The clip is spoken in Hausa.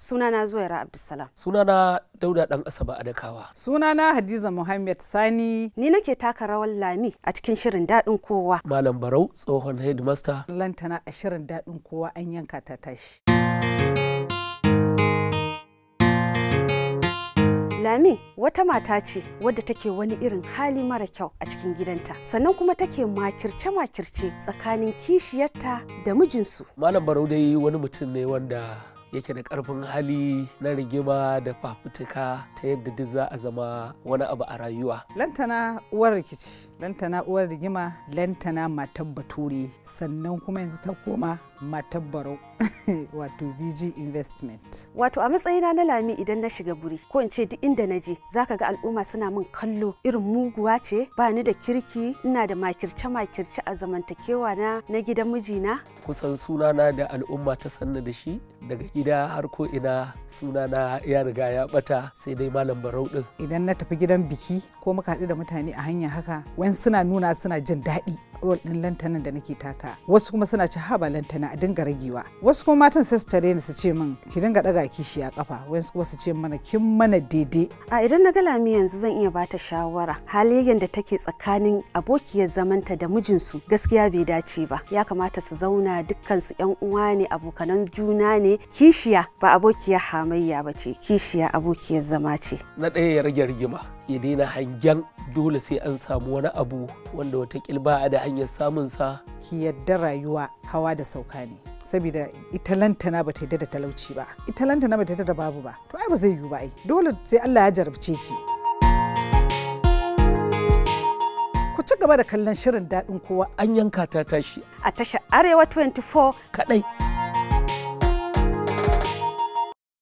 Sunana Zuwaira Abdulsalam. Sunana Dauda Dan Asaba Adakawa. Sunana Hadiza Muhammad Sani. Ni nake taka rawar Lami a cikin shirin daɗin kowa. Malam Barau tsohon headmaster. Lantana a shirin daɗin kowa an yanka ta tashi. Lami wata mata ce wadda take wani irin hali mara kyau a cikin gidanta sannan kuma take makirce-makirce tsakanin kishiyarta da mijinsu. Malam Barau dai wani mutum ne wanda yake da ƙarfin hali na rigima da fafutuka ta yadda duk za a zama wani abu a rayuwa lantana uwar rikici lantana uwar rigima lantana matar bature sannan kuma yanzu ta koma matabbarau wato bg investment wato a matsayina na lami idan na shiga guri ko in ce duk inda na je zaka ga al'umma suna min kallo irin muguwa ce ba ni da kirki ina da makirce makirce a zamantakewa na na gidan mijina kusan sunana da al'umma ta sanna da shi daga gida har ko ina sunana ya riga ya bata sai dai malam barau din idan na tafi gidan biki ko muka haɗu da mutane a hanya haka wani suna nuna suna jin daɗi rol ɗin lantanin da nake taka wasu kuma suna ci haba lantana a dinga ragewa wasu kuma matan sai su tare ni su ce min ki dinga ɗaga kishi a kafa wasu kuma su ce mana kin mana daidai a idan na ga lami yanzu zan iya bata shawara halayen da take tsakanin abokiyar zamanta da mijinsu gaskiya bai dace ba ya kamata su zauna dukkan su yan uwa ne abokanan juna ne kishiya ba abokiyar hamayya ba ce kishiya abokiyar zama ce na ɗaya ya rage rigima ya daina hangen dole sai an samu wani abu wanda wata ba a da hanyar samunsa ki yadda rayuwa hawa da sauka ne saboda ita lantana ba ta yadda da talauci ba ita lantana ba ta yadda da babu ba to ai ba zai yiwu ba ai dole sai Allah ya jarabce ki ku ci gaba da kallon shirin daɗin kowa an yanka ta tashi a tashar arewa 24 kadai